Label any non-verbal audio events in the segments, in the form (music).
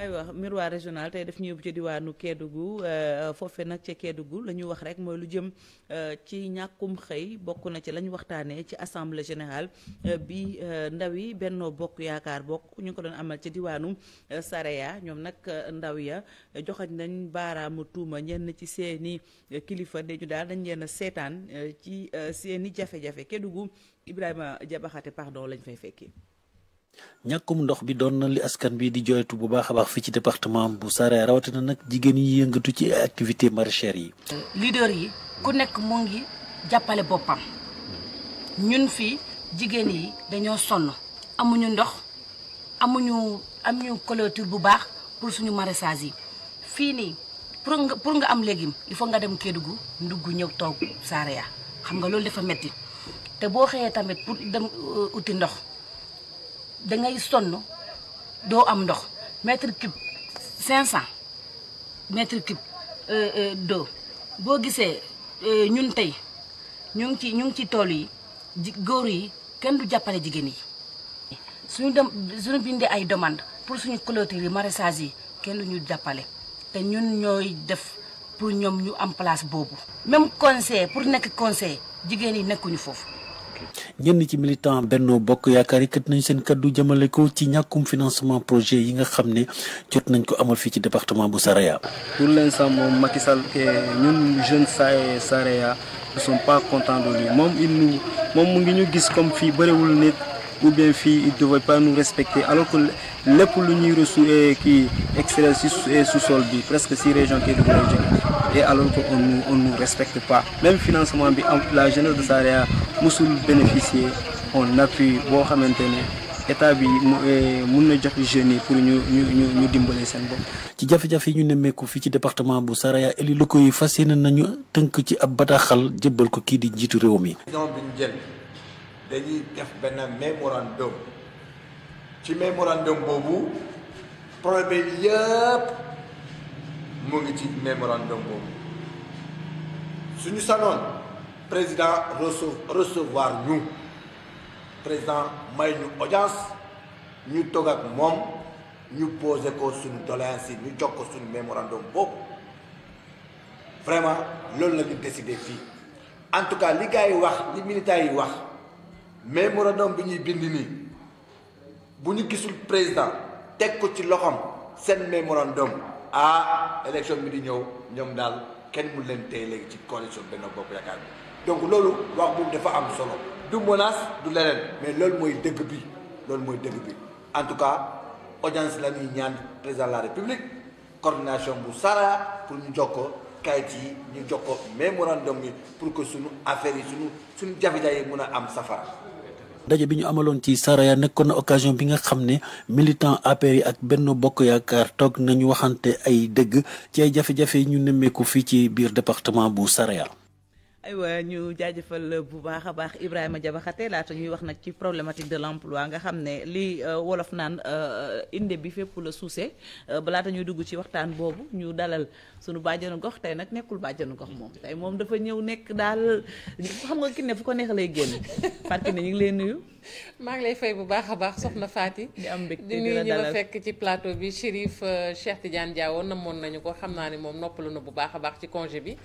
aywa miroir régional tey def ñu yóbbu ci diwaanu Kédougou euh, foofe nag ca Kédougou la ñu wax rek mooy lu jëm euh, ci ñàkkum xëy bokk na ci la ñu waxtaanee ci assemblée générale euh, bi ndaw yi Benno Bokk Yaakaar bokk ñu ko doon amal ci diwaanu Saraya ñoom nag ndaw ya joxañ nañ baaraamu tuuma ñenn ci seeni kilifa dañu daal dañ leen seetaan ci seeni jafe-jafe Kédougou Ibrahima Jabaxate pardon lañ fay fekki ñàkkum ndox bi doon na li askan bi di joytu bu baax a baax fii ci département bu Saraya rawatina nag jigéen yi yëngatu ci activité maraîchère yi. leader yi ku nekk mu ngi jàppale boppam ñun fii jigéen yi dañoo sonn amuñu ndox amuñu amuñu clôture bu baax pour suñu maraîchage yi fii nii pour nga pour nga am légume il faut nga dem Kédougou ndugg ñëw toog Saraya xam nga loolu dafa metti te boo xëyee tamit pour dem euh, uti ndox. dangay sonn doo am ndox mètre cube cinq cent mètre cube euh, euh, d'eau boo gisee euh, ñun tey ñu ngi ci ñu ngi ci tool yi ji góor yi kenn du jàppale jigéen yi suñu dem suñu bindee ay demande pour suñu clôture yi maraîchage yi kenn du ñu jàppale te ñun ñooy def pour ñoom ñu am place boobu même conseil pour nekk conseil jigéen yi nekkuñu foofu ñenn ci militant Benno Bokk Yaakaar yëkkat nañ seen kàddu jëmale ko ci ñàkkum financement projet yi nga xam ne jot nañ ko amal fii ci département bu Saraya. pour l'instant moom Macky Sall ñun jeunes Saraya ne sont pas contents de lui moom il nous moom mu ngi ñu gis comme fii bëriwul nit. ou bien fii il devait pas nous respecter alors que lépp lu ñuy reçu kii extérieur si su sol bi presque si région Kédougou lay jóge et alors que on nous on nous respecte même financement bi am la jeunesse de Saraya musul bénéficier on appui boo xamante ne état bi e, mun na jox jeunes yi pour ñu ñu ñu dimbale seen bopp. ci jafe-jafe yi ñu nemmeeku fii ci département bu Saraya élus locaux yi fas yéene nañu tënk ci ab bataaxal jébbal ko kii di njiitu réew mi. dañuy def benn mémorandum ci mémorandum boobu problème yëpp mu ngi ci mémorandum boobu suñu sanoon président recevoir ñu président may ñu audience ñu togg ak moom ñu posé ko suñu doléance yi ñu jox ko suñu mémorandum boobu vraiment loolu la ñu décidé fii en tout cas li gars wax li militaires yi wax mémorandum bi ñuy bind nii bu ñu gisul président teg ko ci loxoom seen mémorandum ah élection bi di ñëw ñoom daal kenn mu leen tey léegi ci coalition Benno Bokk Yaakaar bi donc loolu wax boobu dafa am solo du menace du leneen mais loolu mooy dëgg bi loolu mooy dëgg bi en tout cas audience la ñuy ñaan président de la république coordination bu sara pour ñu jox ko kayit yi ñu jox ko mémorandum yi pour que suñu affaires yi suñu suñu jafe yi mën a am safara daje bi ñu amaloon ci Saraya nekkoon na occasion bi nga xam ne militant APR ak benn Bokk Yaakaar toog nañu waxante ay dëgg ci ay jafe-jafe ñu nemmeeku fii ci biir département bu Saraya ay aywa ñu jaajëfal bu baax a baax Ibrahima Jabaxate laata ñuy wax nag ci problématique de l'emploi nga xam ne li euh, wolof naan euh, inde bi fépp la suuse euh, balaata ñuy dugg ci waxtaan boobu ñu dalal sunu bàjjanu gox tey nag nekkul bàjjanu gox moom tey moom dafa ñëw nekk daal xam nga ki ne fu ko neex lay génn Fatou ni ñu ngi lay nuyu. maa ngi lay fay bu baax a baax soxna Faty di am mbégte di nuyu ñi ma fekk ci plateau bi Chérif Cheikh Tidiane Diawo namoon nañu ko xam naa ne moom noppalu na bu baax a baax ci congé bi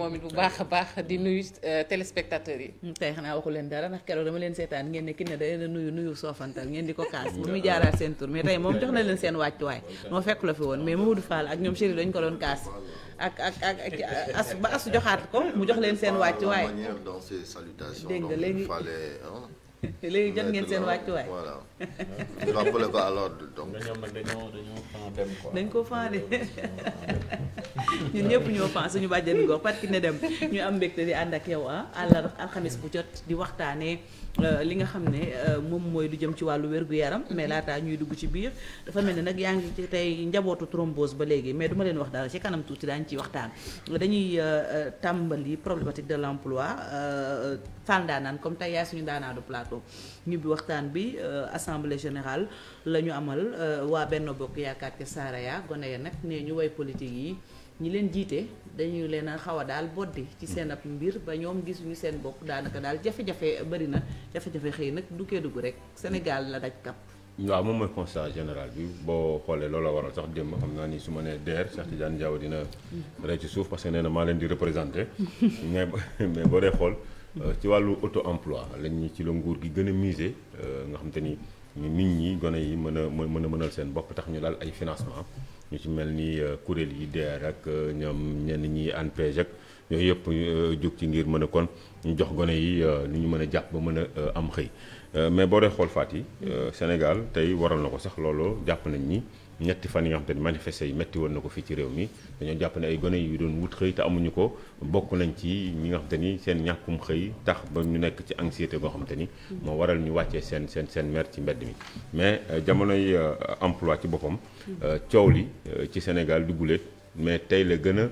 moom bu baax a baax di nuyu euh, téléspectateurs yi. tey xanaa waxu leen dara ndax keroog dama leen seetaan ngeen ne ki ne da leen nuyu nuyu soofantal ngeen di ko kaas ba muy jaaraat seen tur mais tey moom jox na leen seen wàccuwaay moo fekk la fi woon mais Mamadou Fall ak ñoom Chéri dañ ko doon kaas ak ak ak as ba as joxaat ko mu jox leen seen wàccuwaay. dégg nga léegi (laughs) léegi jot ngeen seen wàccuwaay voilà rappelé ko à l'ordre dañ ko fan de ñun ñëpp ñoo fan suñu bàjjenu gox parce que ne dem ñu am mbégte di ànd ak yow ah àllar alxamis bu jot di waxtaanee. Euh, li nga xam ne euh, moom mooy lu jëm ci wàllu wér-gu-yaram mm-hmm. mais laataa ñuy dugg ci biir dafa mel ni nag yaa ngi ci tey njabootu thrombose ba léegi mais du ma leen wax dara ci kanam tuuti daañu ciy waxtaan dañuy euh, tàmbali problématique de l'emploi fal daanaan comme tey yaay suñu daanaadu plateau ñu bi waxtaan bi assemble général la ñu amal waa benn Bokk Yaakaar ke Saraya gone ya nag nee ñu way politique yi ñi leen jiite dañu leen a xaw a daal boddi ci seen ab mbir ba ñoom gis ñu seen bopp daanaka daal jafe-jafe bëri na jafe-jafe xëy nag du kee dugg rek Sénégal la daj kap waaw moom mooy constat général bi boo xoolee loolu la waral sax démb xam naa ni su ma DER Cheikh Tidiane Diaw dina rey ci suuf parce maa leen di représenté (laughs) mais (laughs) mais boo dee xool euh, ci wàllu auto emploi lañ ñu ci la nguur gi gën a misé euh, nga xam ni ñu nit ñi gone yi mën a mën a mënal seen bopp tax ñu daal ay financement ñu ci mel ni euh, kuréel yi DER ak euh, ñoom ñenn ñi ANPEJ ak yooyu yëpp euh, jug ci ngir mën a kon ñu jox gone yi euh, lu ñu mën a jàpp ba mën a euh, am xëy mais boo dee xool faat yi Sénégal tey waral na ko sax looloo jàpp nañ ni ñetti fan yi nga xam te ne manifesté yi metti woon na ko fii ci réew mi dañoo jàpp ne ay gone yu doon wut xëy te amuñu ko bokk nañ ci ñi nga xam te seen ñàkkum xëy tax ba ñu nekk ci anxiété goo xam ni moo waral ñu wàccee seen seen seen ci mbedd mi mais jamonoy emploi ci boppam coow li ci Sénégal dugguleet mais tey la gën a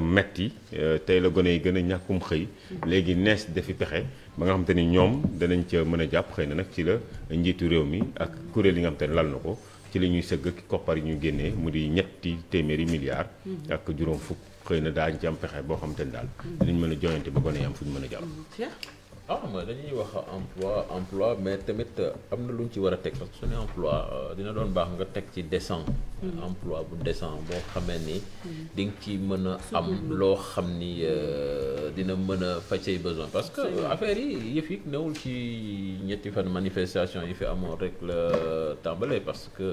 metti euh, tey la gone yi gën a ñàkkum xëy léegi nees dafi pexe ba nga xam te ni ñoom danañ ca mën a jàpp xëy na nag ci la njiitu réew mi ak kuréel yi nga xam te ne lal na ko ci li ñuy sëgg koppar yi ñu génnee mu di ñetti téeméeri milliards mm-hmm. ak juróom fukk xëy na daañ ci am pexe boo xam te ni daal dinañ mën a joyante ba gone yi am fu ñu mën a jàpp mm-hmm. ah xam nga dañuy wax emploi emploi mais tamit euh, am na lu ñu ci war a teg parce que su ne emploi euh, dina doon baax nga teg ci décent hmm. emploi bu décent boo xamee ni hmm. di nga ci mën a am loo xam ni euh, dina mën a faj say besoin parce que affaire yi yëf yi newul ci ñetti fan manifestation yi fi amoon rek la tàmbalee parce que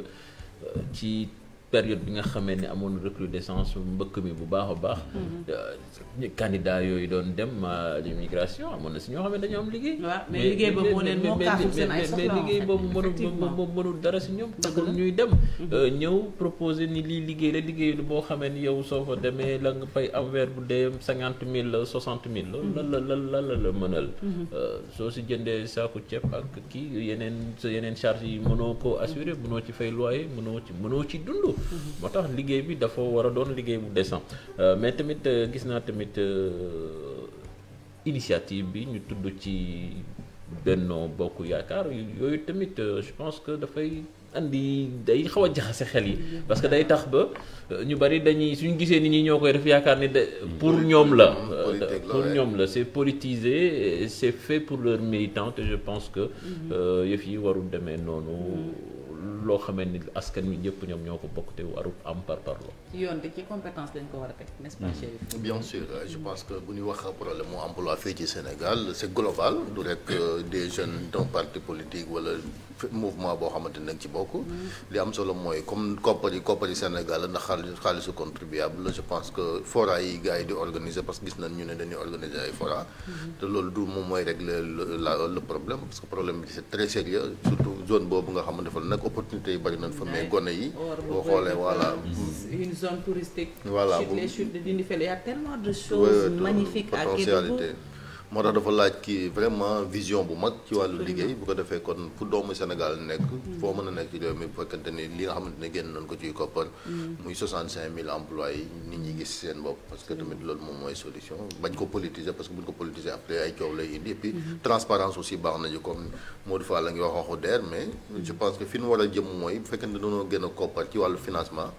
ci période bi nga xamee ni amoon recrudescence mbëkk mi bu baax a baax. Mm-hmm. Euh, candidat yooyu doon dem euh, l'immigration amoon na si ñoo xam ne dañoo am liggéey. waaw mais liggéey boobu leen moo kaasul seen ay soxla mais liggéey boobu mënul mënul dara si ñoom. taxul ñuy dem. Mm-hmm. Euh, ñëw proposer ni lii liggéey la liggéey lu boo xamee ni yow soo fa demee la nga fay am weer bu dee cinquante mille la soixante mille la. Mm-hmm. la la la la la mënal. soo si jëndee saaku ceeb ak kii yeneen sa yeneen charges yi mënoo koo assurer mënoo ci fay loyer mënoo ci mënoo ci moo tax liggéey bi dafa war a doon liggéey bu décent euh, mais tamit euh, gis naa tamit euh, initiative bi ñu tudd ci Benno Bokk Yaakaar yooyu tamit je pense que dafay andi day xaw a jaxase xel yi parce que day tax ba ñu bari dañuy suñu gisee nit ñi ñoo koy def yaakaar ni de pour ñoom la pour ñoom la c'est politiser c'est fait pour leur militant te je pense que mm-hmm. yëf yi warul demee noonu mm-hmm. loo xamee ni askan wi ko bokk te warul am par par loo. je pense que bu ñu wax problème mu emploi fii ci Sénégal euh, ne hmm. li am solo mooy comme koppari koppari Sénégal ndax xaalis xaalisu contribuable je que fora yi gars yi di organiser parce que gis nañ ñu ne dañuy organiser ay fora. Hmm. te loolu du moom mooy régler le problème parce que problème bi c'est très sérieux surtout zone boobu nga xamante ne opportunité yi bari nañ fa mais gone yi boo xoolee voilà une zone touristique voilà chute les chutes de Dindéféli y a tellement de choses magnifiques à moo tax dafa laaj kii vraiment vision bu mag ci wàllu liggéey bu ko defee kon fu doomu Sénégal nekk foo mën a nekk ci réew mi bu fekkante ni li nga xamante ne génn nañ ko ciy koppar mm. muy 65000 emplois yi nit ñi gis seen bopp parce que mm. tamit loolu moom mooy solution bañ ko politiser que buñ ko politiser après ay coow lay indi et puis mm-hmm. transparence mais mm-hmm. je pense que fi ñu a jëm mooy bu fekkante dañoo gën a koppar ci wàllu financement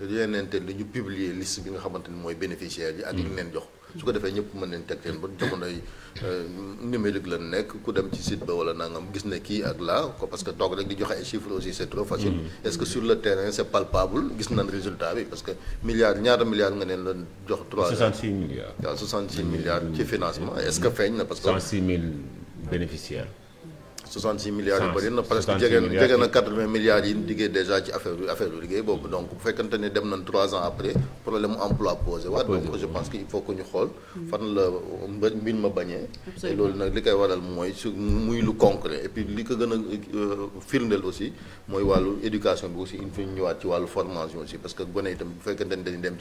yeneen te dañu publier liste bi nga xamante ni mooy bénéficiaires yi ak li mm-hmm. leen jox su ko defee ñëpp mën nañ teg seen ba jamonoy euh, numérique la nekk ku dem ci site ba wala nangam gis ne kii ak laa ko parce que toog rek di joxe ay chiffres aussi c'est trop facile mm. est-ce que sur le terrain c'est palpable gis nañ résultat bi parce que ñaata milliards nga neen la jox 3 66 milliards waaw 66 milliards ci mm. financement est-ce que feeñ na parce que 66 000 bénéficiaires 66 milliards yu bëri na presque jege na jege milliards yi liggéey déjà ci affaire affaire yu liggéey boobu donc bu fekkante ni dem nañ 3 ans après problème mu emploi waat je pense que il faut que ñu xool fan la mbir ma bañee loolu nag li koy waral mooy su muy lu concret et li ko gën euh, firndeel aussi mooy wàllu éducation bi aussi il faut ñu ñëwaat ci wàllu formation aussi parce que gone itam bu fekkante ni dem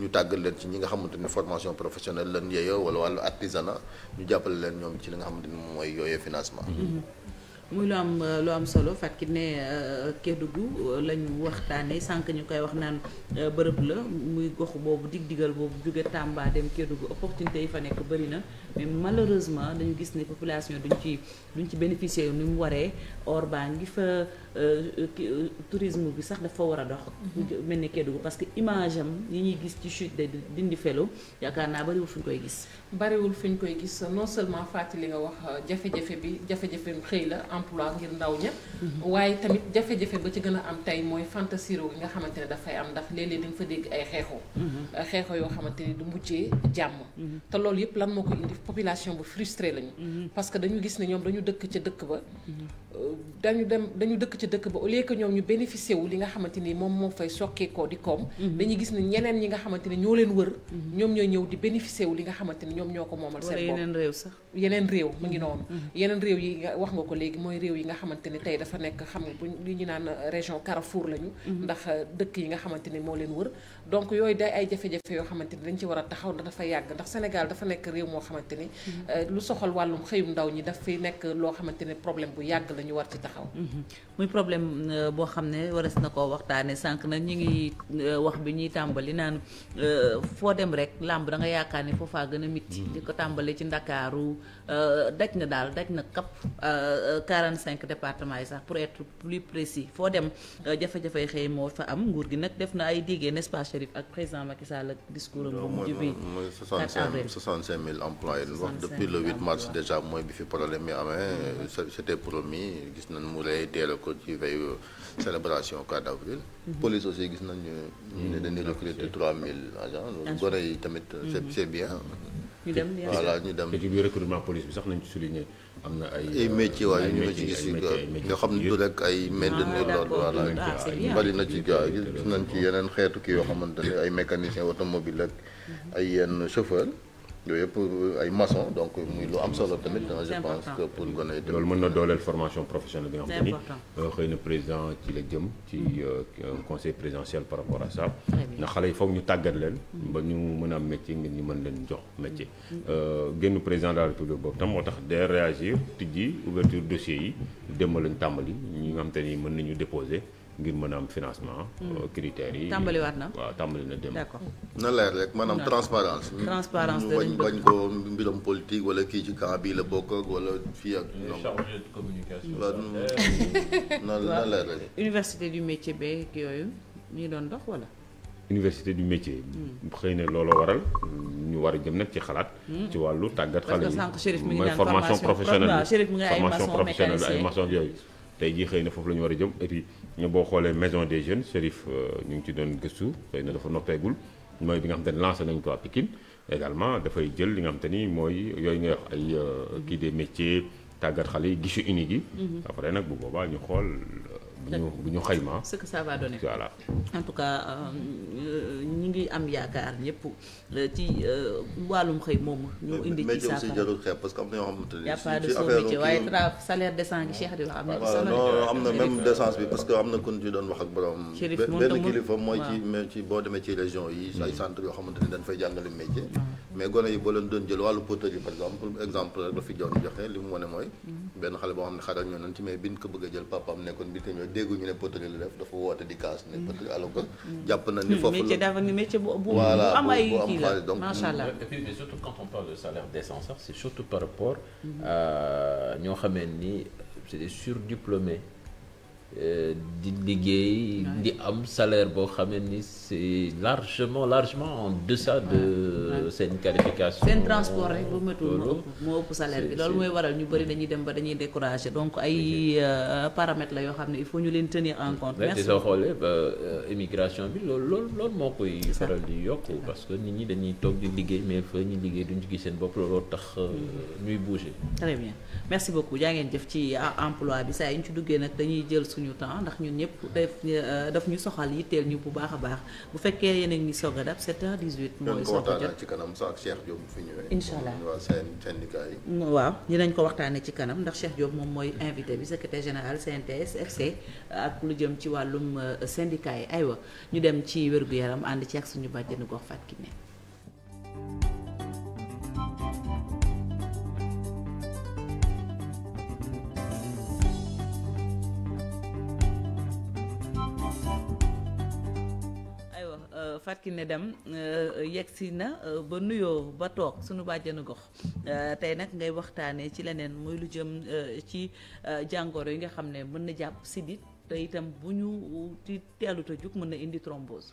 ñu tàgg leen ci ñi nga xamante ni formation professionnelle lan yeeyoo wala wàllu artisanat ñu jàppale leen ñoom ci li nga xamante ni mooy yooyee financement mm-hmm. muy lu am lu am solo Fatou Kiné euh, Kédougou euh, lañu waxtaanee sànq ñu koy wax naan euh, bërëb la muy gox boobu dig digal boobu jóge Tamba dem gu opportunité yi fa nekk bëri na mais malheureusement dañu gis ni population duñ ci duñ ci bénéficier yu ni mu waree or baa ngi fa tourisme bi sax dafa war a dox. Mm-hmm. mel ni Kédougou parce que image yi ñuy gis ci chute de dindi felo yaakaar naa bëriwul fu ñu koy gis. bariwul fi ñu koy gis non seulement li nga wax jafe-jafe xëy la. emploi ngir ndaw ña waaye tamit jafe-jafe ba ci gën a am tey mooy fantasiro gi nga xamante ne dafay am ndax léeg-léeg di nga fa dégg ay xeexoo mhm. xeexoo yoo xamante ni du mujjee jàmm mhm. te loolu yëpp lan moo ko indi population bu frustré lañu mhm. parce que dañu gis ne ñoom dañu dëkk ca dëkk ba euh, dañu dem dañu dëkk ca dëkk ba au lieu que ñoom ñu bénéficié wu li nga xamante ni moom moo fay sokkeekoo di koom dañuy gis ne ñeneen ñi nga xamante ne ñoo leen wër ñoom ñooy ñëw di bénéficié wu li nga xamante ni ñoom ñoo ko moomal seen bopp yeneen réew mu ngi noonu yeneen réew yi mooy réew yi nga xamante ni tey dafa nekk xam nga bu li ñu naan région Carrefour lañu. Mhm. ndax dëkk yi nga xamante ni moo leen wër. donc yooyu day ay jafe-jafe yoo xamante ni dañu ci war a taxaw ndax dafa yàgg ndax Sénégal dafa nekk réew moo xamante ni. Mhm. Euh, lu soxal wàllum xëyum ndaw ñi daf fi nekk loo xamante ni problème bu yàgg la ñu war ci taxaw. Mhm. muy problème euh, boo xam ne waras na koo waxtaanee sànq nag ñu ngi euh, wax bi ñuy tàmbali naan foo dem rek làmb da nga yaakaar ne foofaa gën a mitti. di ko tàmbali ci Ndakaaru daj na daal daj na kap quarante cinq départements yi sax pour être plus précis foo dem euh, jafe-jafe xëy moo fa am nguur gi nag def na ay diggé n'est-ce pas ak président Macky Sall discours am bu mujj bi mooy soixante cinq mille employés lu wax depuis le mars déjà mooy bi fi problème yi amee c'était promis gis nañ mu lay teela ko ci veille euh, célébration 4 avril mhm. police aussi gis nañu ñu ne dañuy mhm. recruter 3000 agents gone yi tamit c'est mhm. bien voilà ñu dem ci biir recrutement am na ay ay métiers waaye yu ñu la ci gis yi nga xam ne du rek ay maintenir bari na ci gaaw gis nañ ci yeneen xeetu ki yoo xamante ne ay mécanicien automobile ak mhm. ay yenn chauffeur yooyu yëpp ay maçon donc lu am solo tamit je pense pour gën loolu mën na dooleel formation professionnelle bi nga xam ni euh, xëy na président ci la jëm ci euh, conseil présidentiel par rapport à ça ndax xale yi foog ñu tàggat leen ba ñu mën a am métier ngir ñu mën leen jox métier euh, génn président de la république boobu tam moo tax day réagir tijji ouverture dossier yi démb lañ tàmbali ñi nga xam te ni mën nañu déposer ngir mën am financement. Hmm. Euh, critères yi tàmbaliwaat na waaw tàmbali na dem. na leer rek maanaam transparence transparence bañ bañ ko mbiram politique wala kii ci camp bii la bokk ak wala fii ak. chargé de communication. na na université du métier beeg yooyu mi ngi doon dox wala. université du métier. Hmm. xëy na looloo waral ñu war a jëm nag ci xalaat. Hmm. ci wàllu tàggat xale yi. parce que sànq Chérif mi ngi naan formation professionnelle formation professionnelle ay maçon yooyu. tey jii xëy na foofu la ñu war a jëm et puis ñu boo xoolee maison des jeunes Chérif euh, ñu ngi ci doon gëstu xëy na dafa noppeegul mooy bi nga xam te ne lancé nañu ko à Pikine également dafay jël li nga xam te ni mooy yooyu ngay wax ay euh, kii des métiers tàggat xale yi guichet unique yi mm-hmm. après nag bu boobaa ñu xool bu ñu bu ñu xayma. ce que ça va donner voilà. en tout cas euh, ñu ngi am yaakaar ñëpp euh, ci euh, wàllum xëy moomu. ñu indi ci saafara mais parce que am na yoo xamante ne. ci affaire soo bi parce que am na ku ñu doon wax ak borom. benn kilifa mooy ci mais ci boo demee ci région yi. ay mm. centre yoo xamante ne dañ fay jàngale métier. Mm. mais gone yi boo leen doon jël wàllu poterie par exemple exemple rek la fi joon joxe li mu wane mooy. benn xale boo xam ne xaaral ñoo nañ ci mais biñ ko bëgg a jël papaam nekkoon bi tamit dégguñu ne poterie la def dafa woote di kaas ne poterie alors que. jàpp na ni foofu la métier d'avenir métier bu bu am ay mais surtout quand surtout par rapport. Mm-hmm. ñoo xamee ni c'est des di liggéey di am salaire boo xamee ni c'est largement largement en deçà de seen qualification seen transport rek bu méttul moo ëpp salaire bi loolu mooy waral ñu bëri dañuy dem ba dañuy découragé donc ay euh, paramètres la yoo xam ne il faut ñu leen tenir en compte merci soo xoolee ba euh, immigration bi loolu loolu loolu moo koy faral di yokk parce que nit ñi dañuy toog di liggéey mais fa ñu liggéey duñu gis seen bopp looloo tax euh, hmm. ñuy bouger merci beaucoup suñu temps ndax ñun ñëpp def euh, daf ñu soxal yitteel ñu bu baax a baax bu fekkee yeneen a ngi soog a dab 7h18. mooy soog a jot ci kanam sax Cheikh Diop fi ko waxtaanee ci kanam ndax Cheikh Diop moom mooy invité bi secrétaire général CNTS FC ak lu jëm ci wàllum euh, syndicat yi aywa ñu dem ci wér gu yaram ànd ci ak suñu bàjjenu gox Fatou Kiné. Fatou Kiné Deme euh, yegg si na euh, ba nuyoo ba toog sunu bàjjenu gox euh, tey nag ngay waxtaanee ci leneen muy lu jëm ci jàngooro yi nga xam ne mën na jàpp sidit te itam bu ñu ci teelut mën na indi thrombose.